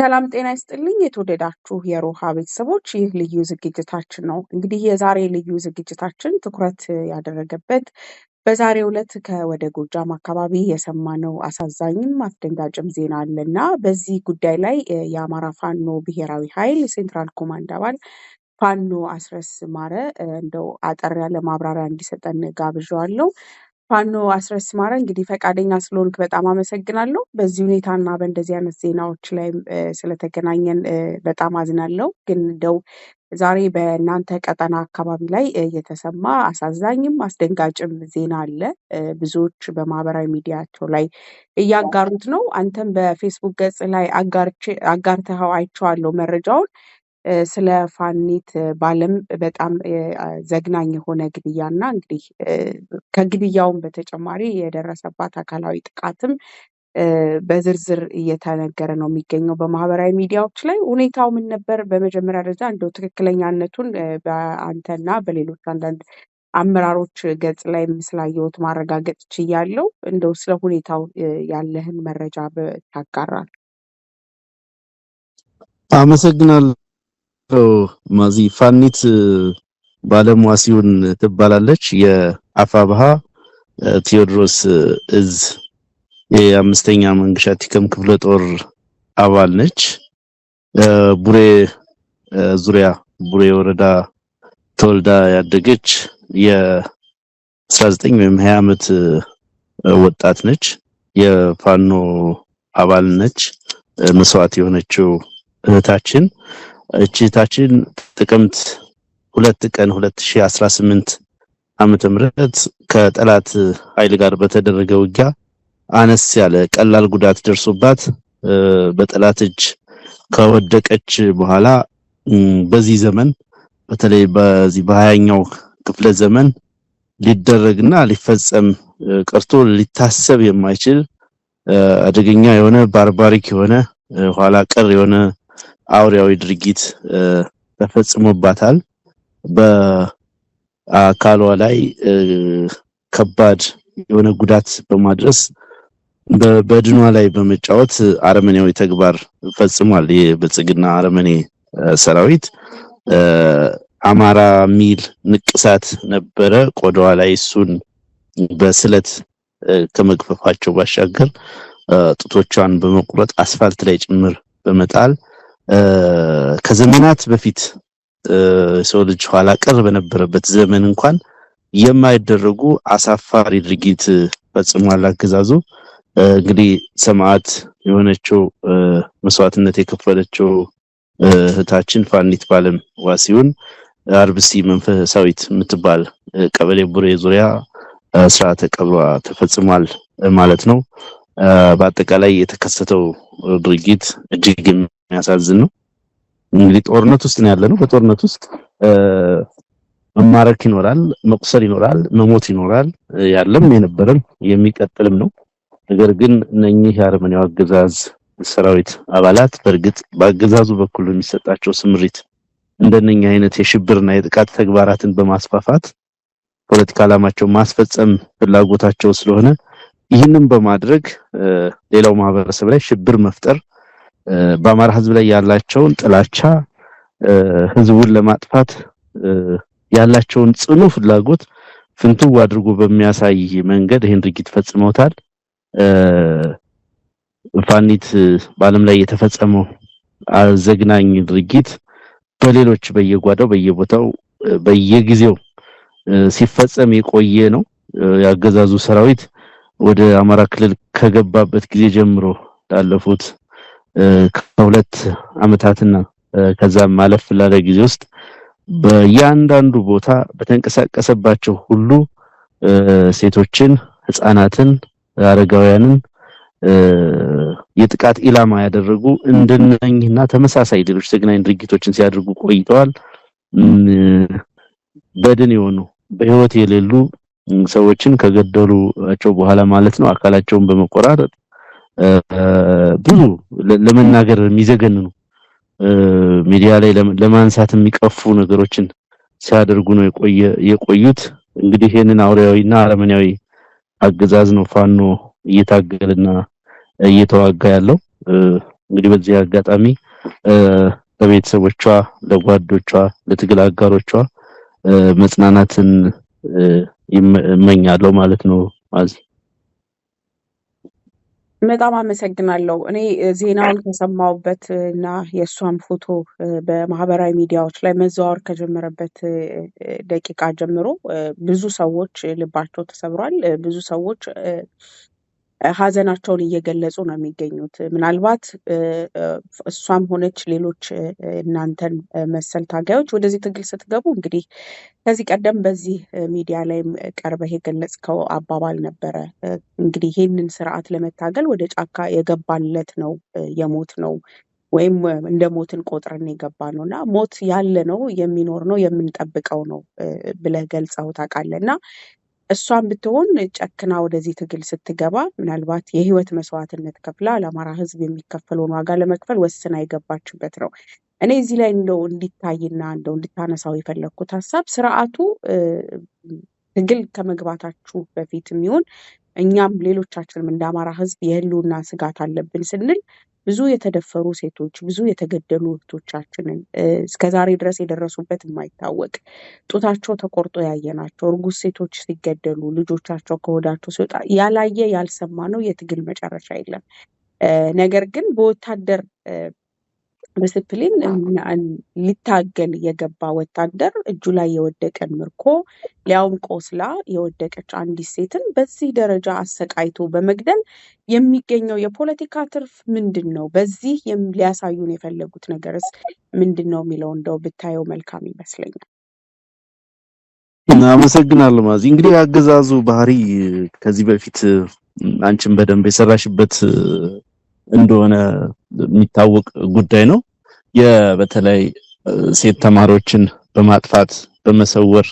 ሰላም ጤና ይስጥልኝ የተወደዳችሁ የሮሃ ቤተሰቦች፣ ይህ ልዩ ዝግጅታችን ነው። እንግዲህ የዛሬ ልዩ ዝግጅታችን ትኩረት ያደረገበት በዛሬ ዕለት ከወደ ጎጃም አካባቢ የሰማነው አሳዛኝም አስደንጋጭም ዜና አለ እና በዚህ ጉዳይ ላይ የአማራ ፋኖ ብሔራዊ ኃይል ሴንትራል ኮማንድ አባል ፋኖ አስረስ ማረ እንደው አጠር ያለ ማብራሪያ እንዲሰጠን ጋብዣዋለሁ። ፋኖ አስረስ ማረ እንግዲህ ፈቃደኛ ስለሆንክ በጣም አመሰግናለሁ። በዚህ ሁኔታና በእንደዚህ አይነት ዜናዎች ላይ ስለተገናኘን በጣም አዝናለሁ። ግን እንደው ዛሬ በእናንተ ቀጠና አካባቢ ላይ የተሰማ አሳዛኝም አስደንጋጭም ዜና አለ። ብዙዎች በማህበራዊ ሚዲያቸው ላይ እያጋሩት ነው። አንተም በፌስቡክ ገጽ ላይ አጋርቼ- አጋርተኸው አይቼዋለሁ መረጃውን። ስለ ፋኒት ባለም በጣም ዘግናኝ የሆነ ግድያና እንግዲህ ከግድያውም በተጨማሪ የደረሰባት አካላዊ ጥቃትም በዝርዝር እየተነገረ ነው የሚገኘው በማህበራዊ ሚዲያዎች ላይ። ሁኔታው ምን ነበር? በመጀመሪያ ደረጃ እንደው ትክክለኛነቱን በአንተና በሌሎች አንዳንድ አመራሮች ገጽ ላይ ስላየሁት ማረጋገጥ ችያለው እንደው ስለ ሁኔታው ያለህን መረጃ ታጋራል? አመሰግናለሁ። ማዚ ፋኒት ባለሟሲውን ትባላለች። የአፋብሃ ቴዎድሮስ እዝ የአምስተኛ መንግሻ ቲከም ክፍለ ጦር አባል ነች። ቡሬ ዙሪያ ቡሬ ወረዳ ተወልዳ ያደገች የ19 ወይም 20 ዓመት ወጣት ነች። የፋኖ አባል ነች። መስዋዕት የሆነችው እህታችን እችታችን ጥቅምት ሁለት ቀን 2018 ዓመተ ምህረት ከጠላት ኃይል ጋር በተደረገ ውጊያ አነስ ያለ ቀላል ጉዳት ደርሶባት በጠላት እጅ ከወደቀች በኋላ በዚህ ዘመን በተለይ በዚህ በሀያኛው ክፍለ ዘመን ሊደረግና ሊፈጸም ቀርቶ ሊታሰብ የማይችል አደገኛ የሆነ ባርባሪክ የሆነ ኋላ ቀር የሆነ አውሪያዊ ድርጊት ተፈጽሞባታል። በአካሏ ላይ ከባድ የሆነ ጉዳት በማድረስ በድኗ ላይ በመጫወት አረመኔያዊ ተግባር ፈጽሟል። ብልጽግና አረመኔ ሰራዊት አማራ ሚል ንቅሳት ነበረ። ቆዳዋ ላይ እሱን በስለት ከመግፈፋቸው ባሻገር ጥቶቿን በመቁረጥ አስፋልት ላይ ጭምር በመጣል ከዘመናት በፊት ሰው ልጅ ኋላ ቀር በነበረበት ዘመን እንኳን የማይደረጉ አሳፋሪ ድርጊት ፈጽሟል አገዛዙ። እንግዲህ ሰማዕት የሆነችው መስዋዕትነት የከፈለችው እህታችን ፋኒት ባለም ዋሲሁን አርብሲ መንፈሳዊት የምትባል ቀበሌ ቡሬ ዙሪያ ስርዓተ ቀብሯ ተፈጽሟል ማለት ነው። በአጠቃላይ የተከሰተው ድርጊት እጅግ የሚያሳዝን ነው። እንግዲህ ጦርነት ውስጥ ነው ያለነው። በጦርነት ውስጥ መማረክ ይኖራል፣ መቁሰል ይኖራል፣ መሞት ይኖራል። ያለም የነበረም የሚቀጥልም ነው። ነገር ግን እነኚህ የአርመኒያው አገዛዝ ሰራዊት አባላት በእርግጥ በአገዛዙ በኩል የሚሰጣቸው ስምሪት እንደነኛ አይነት የሽብርና የጥቃት ተግባራትን በማስፋፋት ፖለቲካ ዓላማቸው ማስፈጸም ፍላጎታቸው ስለሆነ ይህንን በማድረግ ሌላው ማህበረሰብ ላይ ሽብር መፍጠር በአማራ ህዝብ ላይ ያላቸውን ጥላቻ ህዝቡን ለማጥፋት ያላቸውን ጽኑ ፍላጎት ፍንትው አድርጎ በሚያሳይ መንገድ ይህን ድርጊት ፈጽመውታል። ፋኒት በዓለም ላይ የተፈጸመው አዘግናኝ ድርጊት በሌሎች በየጓዳው በየቦታው በየጊዜው ሲፈጸም የቆየ ነው። ያገዛዙ ሰራዊት ወደ አማራ ክልል ከገባበት ጊዜ ጀምሮ ላለፉት ከሁለት አመታትና ከዛም ማለፍ ላለ ጊዜ ውስጥ በእያንዳንዱ ቦታ በተንቀሳቀሰባቸው ሁሉ ሴቶችን፣ ህፃናትን፣ አረጋውያንን የጥቃት ኢላማ ያደረጉ እንደነኝና ተመሳሳይ ሌሎች ዘግናኝ ድርጊቶችን ሲያደርጉ ቆይተዋል። በድን የሆኑ በህይወት የሌሉ ሰዎችን ከገደሉቸው በኋላ ማለት ነው አካላቸውን በመቆራረጥ ብዙ ለመናገር የሚዘገንኑ ሚዲያ ላይ ለማንሳት የሚቀፉ ነገሮችን ሲያደርጉ ነው የቆየ የቆዩት። እንግዲህ ይሄንን አውሬያዊና አረመኔያዊ አገዛዝ ነው ፋኖ እየታገልና እየተዋጋ ያለው። እንግዲህ በዚህ አጋጣሚ ለቤተሰቦቿ፣ ለጓዶቿ፣ ለትግል አጋሮቿ መጽናናትን ይመኛለው ማለት ነው አዚ በጣም አመሰግናለሁ። እኔ ዜናውን ከሰማሁበት እና የእሷም ፎቶ በማህበራዊ ሚዲያዎች ላይ መዘዋወር ከጀመረበት ደቂቃ ጀምሮ ብዙ ሰዎች ልባቸው ተሰብሯል። ብዙ ሰዎች ሀዘናቸውን እየገለጹ ነው የሚገኙት። ምናልባት እሷም ሆነች ሌሎች እናንተን መሰል ታጋዮች ወደዚህ ትግል ስትገቡ እንግዲህ ከዚህ ቀደም በዚህ ሚዲያ ላይም ቀርበህ የገለጽከው አባባል ነበረ። እንግዲህ ይህንን ስርዓት ለመታገል ወደ ጫካ የገባለት ነው የሞት ነው ወይም እንደ ሞትን ቆጥረን የገባ ነው እና ሞት ያለ ነው የሚኖር ነው የምንጠብቀው ነው ብለህ ገልጸው ታውቃለህ እና እሷም ብትሆን ጨክና ወደዚህ ትግል ስትገባ ምናልባት የህይወት መስዋዕትነት ከፍላ ለአማራ ህዝብ የሚከፈለውን ዋጋ ለመክፈል ወስና የገባችበት ነው። እኔ እዚህ ላይ እንደው እንዲታይና እንደው እንድታነሳው የፈለግኩት ሀሳብ ስርዓቱ ትግል ከመግባታችሁ በፊት የሚሆን እኛም ሌሎቻችንም እንደ አማራ ህዝብ የህልውና ስጋት አለብን ስንል ብዙ የተደፈሩ ሴቶች ብዙ የተገደሉ እህቶቻችንን እስከዛሬ ድረስ የደረሱበት የማይታወቅ ጡታቸው ተቆርጦ ያየናቸው እርጉዝ ሴቶች ሲገደሉ ልጆቻቸው ከሆዳቸው ሲወጣ ያላየ ያልሰማ ነው። የትግል መጨረሻ የለም። ነገር ግን በወታደር ዲስፕሊን ሊታገል የገባ ወታደር እጁ ላይ የወደቀን ምርኮ ሊያውም ቆስላ የወደቀች አንዲት ሴትን በዚህ ደረጃ አሰቃይቶ በመግደል የሚገኘው የፖለቲካ ትርፍ ምንድን ነው? በዚህ ሊያሳዩን የፈለጉት ነገርስ ምንድን ነው የሚለው እንደው ብታየው መልካም ይመስለኛል። አመሰግናለሁ ማዚ። እንግዲህ አገዛዙ ባህሪ ከዚህ በፊት አንቺን በደንብ የሰራሽበት እንደሆነ የሚታወቅ ጉዳይ ነው። የበተለይ ሴት ተማሪዎችን በማጥፋት በመሰወር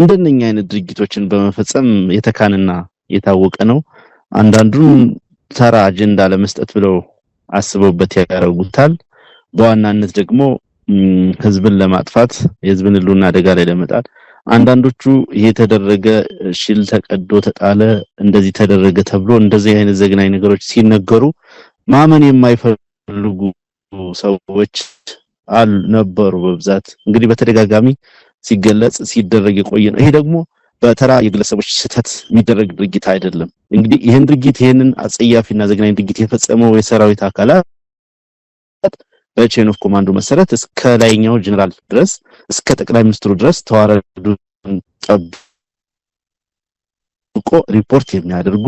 እንደነኛ አይነት ድርጊቶችን በመፈጸም የተካንና የታወቀ ነው። አንዳንዱም ተራ አጀንዳ ለመስጠት ብለው አስበውበት ያደረጉታል። በዋናነት ደግሞ ህዝብን ለማጥፋት የህዝብን ህልውና አደጋ ላይ ለመጣል አንዳንዶቹ ይሄ የተደረገ ሽል ተቀዶ ተጣለ፣ እንደዚህ ተደረገ ተብሎ እንደዚህ አይነት ዘግናኝ ነገሮች ሲነገሩ ማመን የማይፈልጉ ሰዎች አሉ ነበሩ። በብዛት እንግዲህ በተደጋጋሚ ሲገለጽ ሲደረግ የቆየ ነው። ይሄ ደግሞ በተራ የግለሰቦች ስህተት የሚደረግ ድርጊት አይደለም። እንግዲህ ይህን ድርጊት ይህንን አጸያፊና ዘግናኝ ድርጊት የፈጸመው የሰራዊት አካላት በቼን ኦፍ ኮማንዶ መሰረት እስከ ላይኛው ጀነራል ድረስ እስከ ጠቅላይ ሚኒስትሩ ድረስ ተዋረዱን ጠብቆ ሪፖርት የሚያደርጉ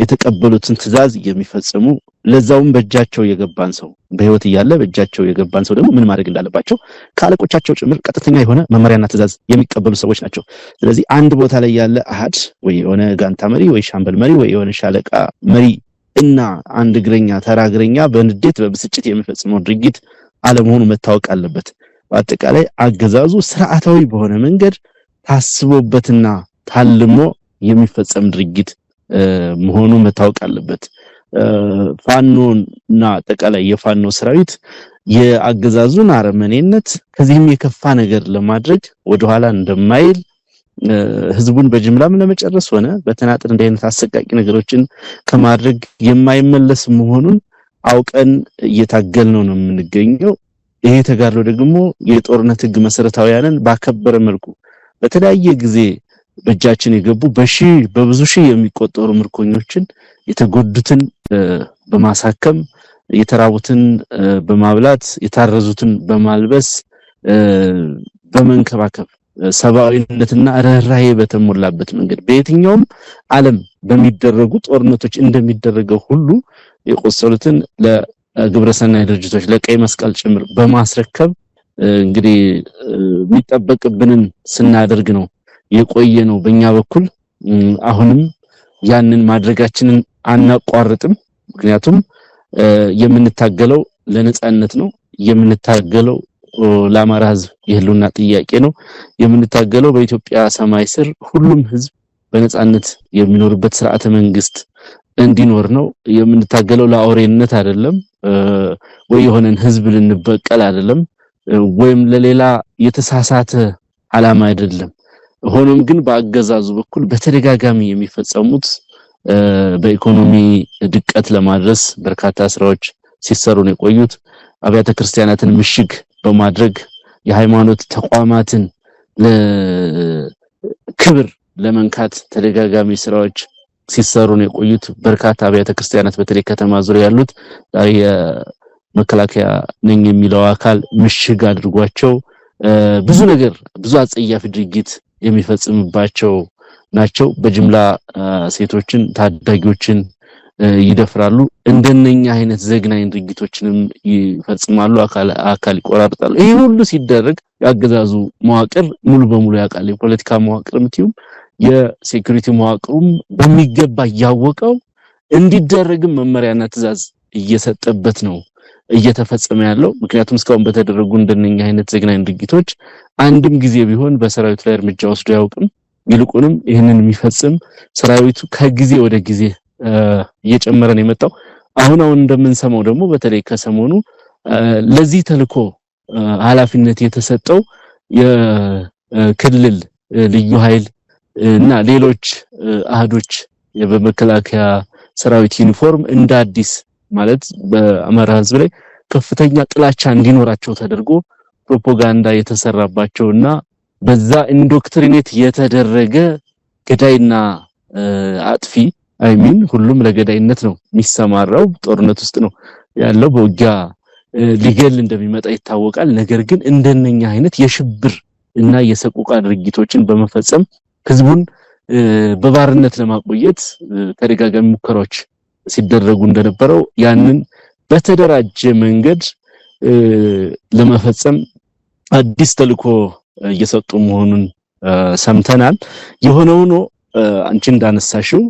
የተቀበሉትን ትዕዛዝ የሚፈጽሙ ለዛውም በእጃቸው የገባን ሰው በህይወት እያለ በእጃቸው የገባን ሰው ደግሞ ምን ማድረግ እንዳለባቸው ከአለቆቻቸው ጭምር ቀጥተኛ የሆነ መመሪያና ትዕዛዝ የሚቀበሉ ሰዎች ናቸው። ስለዚህ አንድ ቦታ ላይ ያለ አሃድ ወይ የሆነ ጋንታ መሪ ወይ ሻምበል መሪ ወይ የሆነ ሻለቃ መሪ እና አንድ እግረኛ ተራ እግረኛ በንዴት በብስጭት የሚፈጽመው ድርጊት አለመሆኑ መታወቅ አለበት። በአጠቃላይ አገዛዙ ስርዓታዊ በሆነ መንገድ ታስቦበትና ታልሞ የሚፈጸም ድርጊት መሆኑ መታወቅ አለበት። ፋኖን እና አጠቃላይ የፋኖ ሰራዊት የአገዛዙን አረመኔነት ከዚህም የከፋ ነገር ለማድረግ ወደኋላ እንደማይል ህዝቡን በጅምላም ለመጨረስ ሆነ በተናጥር እንዲህ አይነት አሰቃቂ ነገሮችን ከማድረግ የማይመለስ መሆኑን አውቀን እየታገል ነው ነው የምንገኘው። ይሄ ተጋድሎ ደግሞ የጦርነት ህግ መሰረታዊያንን ባከበረ መልኩ በተለያየ ጊዜ በእጃችን የገቡ በሺ በብዙ ሺህ የሚቆጠሩ ምርኮኞችን የተጎዱትን በማሳከም የተራቡትን በማብላት የታረዙትን በማልበስ በመንከባከብ ሰብአዊነትና ርኅራሄ በተሞላበት መንገድ በየትኛውም ዓለም በሚደረጉ ጦርነቶች እንደሚደረገው ሁሉ የቆሰሉትን ለግብረሰናይ ድርጅቶች ለቀይ መስቀል ጭምር በማስረከብ እንግዲህ የሚጠበቅብንን ስናደርግ ነው የቆየ ነው። በእኛ በኩል አሁንም ያንን ማድረጋችንን አናቋርጥም። ምክንያቱም የምንታገለው ለነጻነት ነው። የምንታገለው ለአማራ ሕዝብ የህልውና ጥያቄ ነው። የምንታገለው በኢትዮጵያ ሰማይ ስር ሁሉም ሕዝብ በነጻነት የሚኖርበት ስርዓተ መንግስት እንዲኖር ነው የምንታገለው። ለአውሬነት አይደለም ወይ የሆነን ሕዝብ ልንበቀል አይደለም ወይም ለሌላ የተሳሳተ አላማ አይደለም። ሆኖም ግን በአገዛዙ በኩል በተደጋጋሚ የሚፈጸሙት በኢኮኖሚ ድቀት ለማድረስ በርካታ ስራዎች ሲሰሩ ነው የቆዩት። አብያተ ክርስቲያናትን ምሽግ በማድረግ የሃይማኖት ተቋማትን ክብር ለመንካት ተደጋጋሚ ስራዎች ሲሰሩ ነው የቆዩት። በርካታ አብያተ ክርስቲያናት በተለይ ከተማ ዙሪያ ያሉት የመከላከያ ነኝ የሚለው አካል ምሽግ አድርጓቸው ብዙ ነገር ብዙ አጸያፊ ድርጊት የሚፈጽምባቸው ናቸው። በጅምላ ሴቶችን፣ ታዳጊዎችን ይደፍራሉ። እንደነኛ አይነት ዘግናኝ ድርጊቶችንም ይፈጽማሉ። አካል ይቆራርጣሉ። ይሄ ሁሉ ሲደረግ የአገዛዙ መዋቅር ሙሉ በሙሉ ያውቃል። የፖለቲካ መዋቅር ምትዩም የሴኩሪቲ መዋቅሩም በሚገባ እያወቀው እንዲደረግም መመሪያና ትዕዛዝ እየሰጠበት ነው እየተፈጸመ ያለው። ምክንያቱም እስካሁን በተደረጉ እንደነኛ አይነት ዘግናኝ ድርጊቶች አንድም ጊዜ ቢሆን በሰራዊት ላይ እርምጃ ወስዶ አያውቅም። ይልቁንም ይህንን የሚፈጽም ሰራዊቱ ከጊዜ ወደ ጊዜ እየጨመረ ነው የመጣው። አሁን አሁን እንደምንሰማው ደግሞ በተለይ ከሰሞኑ ለዚህ ተልኮ ኃላፊነት የተሰጠው የክልል ልዩ ኃይል እና ሌሎች አህዶች በመከላከያ ሰራዊት ዩኒፎርም እንደ አዲስ ማለት በአማራ ህዝብ ላይ ከፍተኛ ጥላቻ እንዲኖራቸው ተደርጎ ፕሮፓጋንዳ የተሰራባቸውና በዛ ኢንዶክትሪኔት የተደረገ ገዳይና አጥፊ አይሚን ሁሉም ለገዳይነት ነው የሚሰማራው። ጦርነት ውስጥ ነው ያለው። በውጊያ ሊገል እንደሚመጣ ይታወቃል። ነገር ግን እንደነኛ አይነት የሽብር እና የሰቆቃ ድርጊቶችን በመፈጸም ህዝቡን በባርነት ለማቆየት ተደጋጋሚ ሙከራዎች ሲደረጉ እንደነበረው ያንን በተደራጀ መንገድ ለመፈጸም አዲስ ተልእኮ እየሰጡ መሆኑን ሰምተናል። የሆነ ሆኖ አንቺ እንዳነሳሽው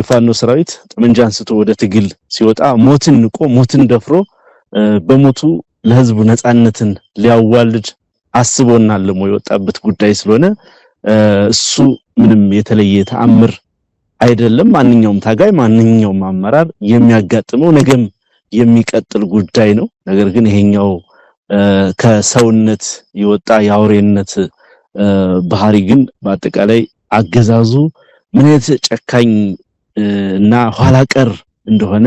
የፋኖ ሰራዊት ጠመንጃ አንስቶ ወደ ትግል ሲወጣ ሞትን ንቆ ሞትን ደፍሮ በሞቱ ለህዝቡ ነፃነትን ሊያዋልድ አስቦና ለሞ የወጣበት ጉዳይ ስለሆነ እሱ ምንም የተለየ ተአምር አይደለም ማንኛውም ታጋይ ማንኛውም አመራር የሚያጋጥመው ነገም የሚቀጥል ጉዳይ ነው። ነገር ግን ይሄኛው ከሰውነት የወጣ የአውሬነት ባህሪ ግን በአጠቃላይ አገዛዙ ምን አይነት ጨካኝ እና ኋላቀር እንደሆነ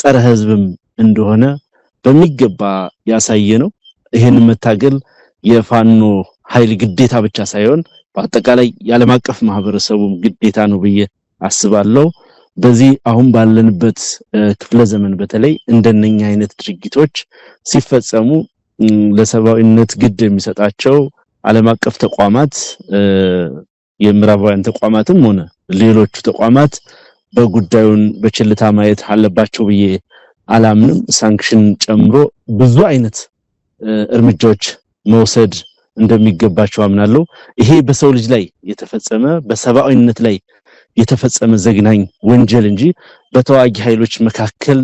ጸረ ሕዝብም እንደሆነ በሚገባ ያሳየ ነው። ይህን መታገል የፋኖ ኃይል ግዴታ ብቻ ሳይሆን በአጠቃላይ የዓለም አቀፍ ማህበረሰቡም ግዴታ ነው ብዬ አስባለሁ። በዚህ አሁን ባለንበት ክፍለ ዘመን በተለይ እንደነኛ አይነት ድርጊቶች ሲፈጸሙ ለሰብአዊነት ግድ የሚሰጣቸው ዓለም አቀፍ ተቋማት የምዕራባውያን ተቋማትም ሆነ ሌሎቹ ተቋማት በጉዳዩን በችልታ ማየት አለባቸው ብዬ አላምንም። ሳንክሽን ጨምሮ ብዙ አይነት እርምጃዎች መውሰድ እንደሚገባቸው አምናለሁ። ይሄ በሰው ልጅ ላይ የተፈጸመ በሰብአዊነት ላይ የተፈጸመ ዘግናኝ ወንጀል እንጂ በተዋጊ ኃይሎች መካከል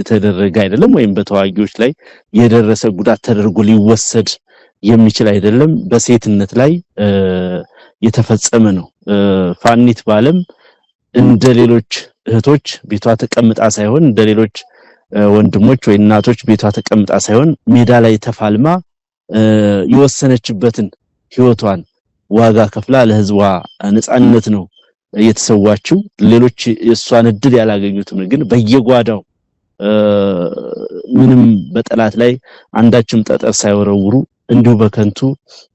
የተደረገ አይደለም፣ ወይም በተዋጊዎች ላይ የደረሰ ጉዳት ተደርጎ ሊወሰድ የሚችል አይደለም። በሴትነት ላይ የተፈጸመ ነው። ፋኒት ባለም እንደ ሌሎች እህቶች ቤቷ ተቀምጣ ሳይሆን እንደ ሌሎች ወንድሞች ወይ እናቶች ቤቷ ተቀምጣ ሳይሆን ሜዳ ላይ ተፋልማ የወሰነችበትን ህይወቷን ዋጋ ከፍላ ለህዝቧ ነጻነት ነው እየተሰዋችው ሌሎች የእሷን እድል ያላገኙትም ግን በየጓዳው ምንም በጠላት ላይ አንዳችም ጠጠር ሳይወረውሩ እንዲሁ በከንቱ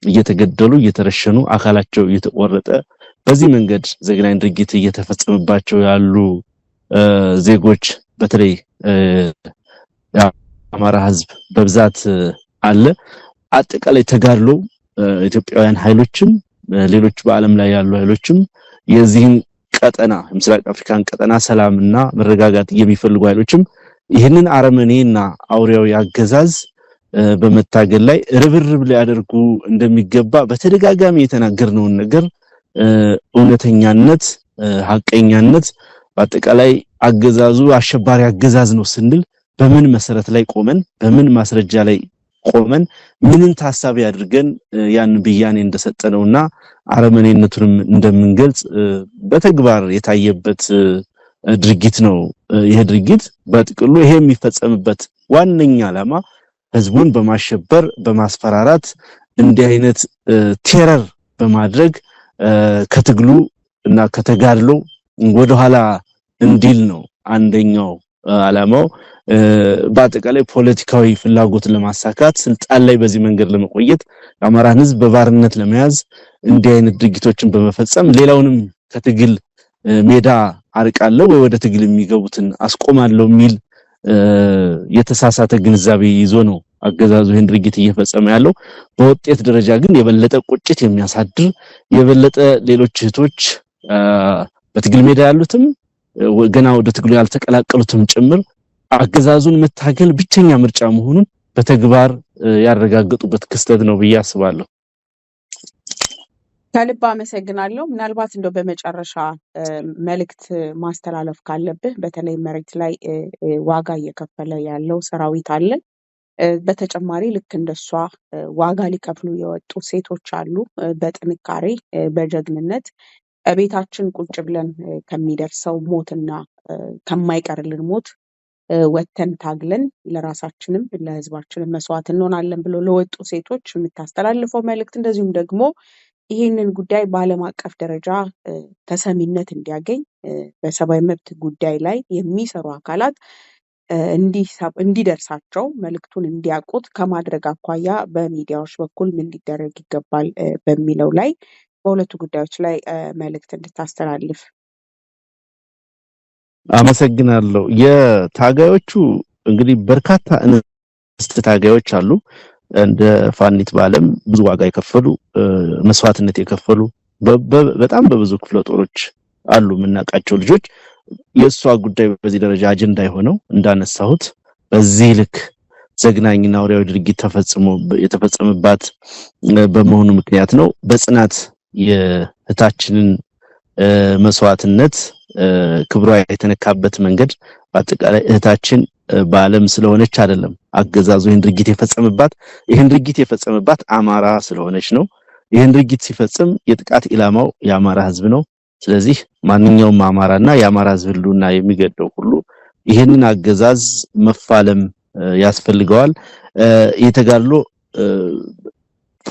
እየተገደሉ እየተረሸኑ አካላቸው እየተቆረጠ በዚህ መንገድ ዘግናኝ ድርጊት እየተፈጸመባቸው ያሉ ዜጎች በተለይ የአማራ ሕዝብ በብዛት አለ። አጠቃላይ ተጋድሎ ኢትዮጵያውያን ኃይሎችም ሌሎች በዓለም ላይ ያሉ ኃይሎችም የዚህን ቀጠና የምስራቅ አፍሪካን ቀጠና ሰላምና መረጋጋት የሚፈልጉ ኃይሎችም ይህንን አረመኔና አውሪያዊ አገዛዝ በመታገል ላይ ርብርብ ሊያደርጉ እንደሚገባ በተደጋጋሚ የተናገርነውን ነገር እውነተኛነት፣ ሀቀኛነት በአጠቃላይ አገዛዙ አሸባሪ አገዛዝ ነው ስንል በምን መሰረት ላይ ቆመን በምን ማስረጃ ላይ ቆመን ምንን ታሳቢ አድርገን ያን ብያኔ እንደሰጠነውና አረመኔነቱንም እንደምንገልጽ በተግባር የታየበት ድርጊት ነው። ይሄ ድርጊት በጥቅሉ ይሄ የሚፈጸምበት ዋነኛ ዓላማ ህዝቡን በማሸበር በማስፈራራት እንዲህ አይነት ቴረር በማድረግ ከትግሉ እና ከተጋድሎ ወደኋላ እንዲል ነው አንደኛው ዓላማው። በአጠቃላይ ፖለቲካዊ ፍላጎት ለማሳካት ስልጣን ላይ በዚህ መንገድ ለመቆየት የአማራን ህዝብ በባርነት ለመያዝ እንዲህ አይነት ድርጊቶችን በመፈጸም ሌላውንም ከትግል ሜዳ አርቃለሁ ወይ ወደ ትግል የሚገቡትን አስቆማለሁ የሚል የተሳሳተ ግንዛቤ ይዞ ነው አገዛዙ ይህን ድርጊት እየፈጸመ ያለው። በውጤት ደረጃ ግን የበለጠ ቁጭት የሚያሳድር የበለጠ ሌሎች እህቶች በትግል ሜዳ ያሉትም ገና ወደ ትግሉ ያልተቀላቀሉትም ጭምር አገዛዙን መታገል ብቸኛ ምርጫ መሆኑን በተግባር ያረጋገጡበት ክስተት ነው ብዬ አስባለሁ። ከልብ አመሰግናለሁ። ምናልባት እንደው በመጨረሻ መልእክት ማስተላለፍ ካለብህ በተለይ መሬት ላይ ዋጋ እየከፈለ ያለው ሰራዊት አለ። በተጨማሪ ልክ እንደሷ ዋጋ ሊከፍሉ የወጡ ሴቶች አሉ። በጥንካሬ በጀግንነት ቤታችን ቁጭ ብለን ከሚደርሰው ሞትና ከማይቀርልን ሞት ወተን ታግለን ለራሳችንም ለህዝባችንም መስዋዕት እንሆናለን ብሎ ለወጡ ሴቶች የምታስተላልፈው መልእክት እንደዚሁም ደግሞ ይህንን ጉዳይ በዓለም አቀፍ ደረጃ ተሰሚነት እንዲያገኝ በሰብአዊ መብት ጉዳይ ላይ የሚሰሩ አካላት እንዲደርሳቸው መልእክቱን እንዲያውቁት ከማድረግ አኳያ በሚዲያዎች በኩል ምን ሊደረግ ይገባል በሚለው ላይ በሁለቱ ጉዳዮች ላይ መልእክት እንድታስተላልፍ አመሰግናለሁ። የታጋዮቹ እንግዲህ በርካታ እንስት ታጋዮች አሉ። እንደ ፋኒት ባለም ብዙ ዋጋ የከፈሉ መስዋዕትነት የከፈሉ በጣም በብዙ ክፍለ ጦሮች አሉ የምናውቃቸው ልጆች። የእሷ ጉዳይ በዚህ ደረጃ አጀንዳ የሆነው እንዳነሳሁት በዚህ ልክ ዘግናኝና አውሬያዊ ድርጊት ተፈጽሞ የተፈጸመባት በመሆኑ ምክንያት ነው። በጽናት የእህታችንን መስዋዕትነት ክብሯ የተነካበት መንገድ በአጠቃላይ እህታችን በዓለም ስለሆነች አይደለም አገዛዙ ይህን ድርጊት የፈጸመባት ይህን ድርጊት የፈጸመባት አማራ ስለሆነች ነው። ይህን ድርጊት ሲፈጽም የጥቃት ኢላማው የአማራ ህዝብ ነው። ስለዚህ ማንኛውም አማራና የአማራ ህዝብ ህልውና የሚገደው ሁሉ ይህንን አገዛዝ መፋለም ያስፈልገዋል። የተጋድሎ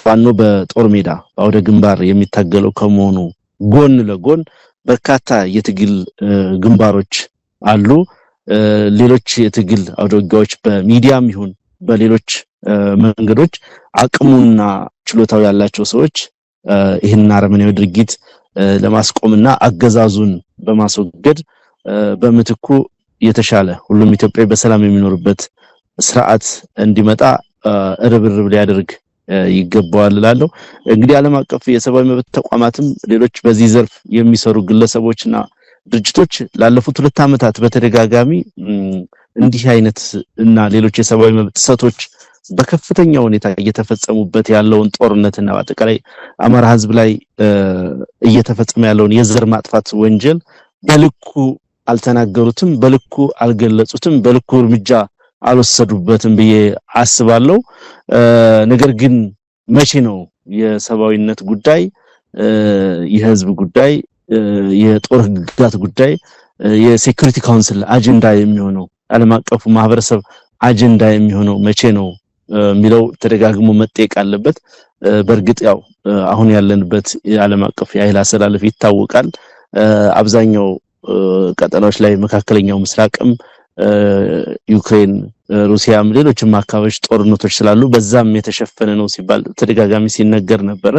ፋኖ በጦር ሜዳ በአውደ ግንባር የሚታገለው ከመሆኑ ጎን ለጎን በርካታ የትግል ግንባሮች አሉ። ሌሎች የትግል አውደጋዎች በሚዲያም ይሁን በሌሎች መንገዶች አቅሙና ችሎታው ያላቸው ሰዎች ይህንን አረመኔያዊ ድርጊት ለማስቆምና አገዛዙን በማስወገድ በምትኩ የተሻለ ሁሉም ኢትዮጵያዊ በሰላም የሚኖርበት ስርዓት እንዲመጣ ርብርብ ሊያደርግ ይገባዋል እላለሁ። እንግዲህ ዓለም አቀፍ የሰብአዊ መብት ተቋማትም ሌሎች በዚህ ዘርፍ የሚሰሩ ግለሰቦችና ድርጅቶች ላለፉት ሁለት ዓመታት በተደጋጋሚ እንዲህ አይነት እና ሌሎች የሰብአዊ መብት ጥሰቶች በከፍተኛ ሁኔታ እየተፈጸሙበት ያለውን ጦርነትና በአጠቃላይ አማራ ሕዝብ ላይ እየተፈጸመ ያለውን የዘር ማጥፋት ወንጀል በልኩ አልተናገሩትም፣ በልኩ አልገለጹትም፣ በልኩ እርምጃ አልወሰዱበትም ብዬ አስባለሁ። ነገር ግን መቼ ነው የሰብአዊነት ጉዳይ፣ የህዝብ ጉዳይ፣ የጦር ህግጋት ጉዳይ የሴኩሪቲ ካውንስል አጀንዳ የሚሆነው ዓለም አቀፉ ማህበረሰብ አጀንዳ የሚሆነው መቼ ነው የሚለው ተደጋግሞ መጠየቅ አለበት። በእርግጥ ያው አሁን ያለንበት የዓለም አቀፍ የኃይል አሰላለፍ ይታወቃል። አብዛኛው ቀጠናዎች ላይ መካከለኛው ምስራቅም ዩክሬን ሩሲያም ሌሎችም አካባቢዎች ጦርነቶች ስላሉ በዛም የተሸፈነ ነው ሲባል ተደጋጋሚ ሲነገር ነበረ።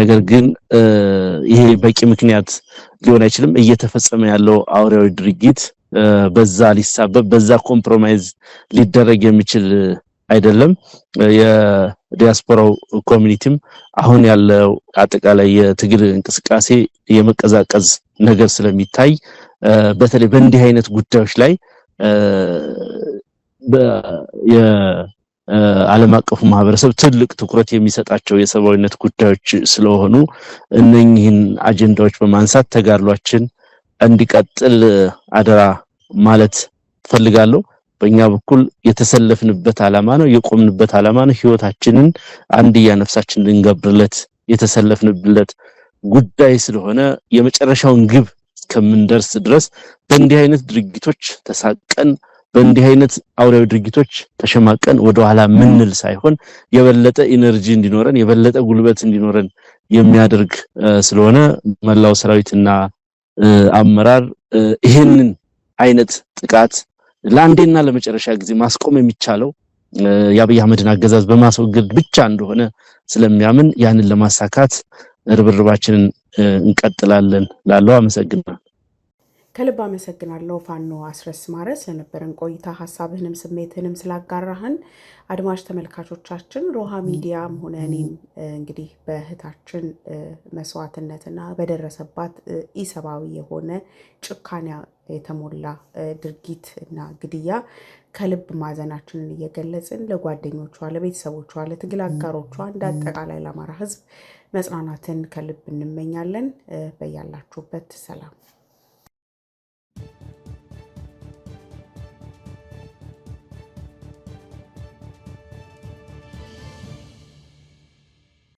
ነገር ግን ይሄ በቂ ምክንያት ሊሆን አይችልም። እየተፈጸመ ያለው አውሬያዊ ድርጊት በዛ ሊሳበብ በዛ ኮምፕሮማይዝ ሊደረግ የሚችል አይደለም። የዲያስፖራው ኮሚኒቲም አሁን ያለው አጠቃላይ የትግል እንቅስቃሴ የመቀዛቀዝ ነገር ስለሚታይ በተለይ በእንዲህ አይነት ጉዳዮች ላይ የዓለም አቀፉ ማህበረሰብ ትልቅ ትኩረት የሚሰጣቸው የሰብአዊነት ጉዳዮች ስለሆኑ እነኚህን አጀንዳዎች በማንሳት ተጋድሏችን እንዲቀጥል አደራ ማለት ፈልጋለሁ። በእኛ በኩል የተሰለፍንበት ዓላማ ነው፣ የቆምንበት ዓላማ ነው። ህይወታችንን አንድያ ነፍሳችን ልንገብርለት የተሰለፍንበት ጉዳይ ስለሆነ የመጨረሻውን ግብ እስከምንደርስ ድረስ በእንዲህ አይነት ድርጊቶች ተሳቀን በእንዲህ አይነት አውሬያዊ ድርጊቶች ተሸማቀን ወደኋላ ምንል ሳይሆን የበለጠ ኢነርጂ እንዲኖረን የበለጠ ጉልበት እንዲኖረን የሚያደርግ ስለሆነ መላው ሰራዊትና አመራር ይህንን አይነት ጥቃት ለአንዴና ለመጨረሻ ጊዜ ማስቆም የሚቻለው የአብይ አህመድን አገዛዝ በማስወገድ ብቻ እንደሆነ ስለሚያምን ያንን ለማሳካት ርብርባችንን እንቀጥላለን ላለው አመሰግናል። ከልብ አመሰግናለሁ ፋኖ አስረስ ማረ ስለነበረን ቆይታ ሀሳብህንም ስሜትህንም ስላጋራህን። አድማጭ ተመልካቾቻችን ሮሃ ሚዲያም ሆነ እኔም እንግዲህ በእህታችን መስዋዕትነትና በደረሰባት ኢሰብአዊ የሆነ ጭካኔ የተሞላ ድርጊት እና ግድያ ከልብ ማዘናችንን እየገለጽን ለጓደኞቿ፣ ለቤተሰቦቿ፣ ለትግል አጋሮቿ እንደ አጠቃላይ ለአማራ ህዝብ። መጽናናትን ከልብ እንመኛለን። በያላችሁበት ሰላም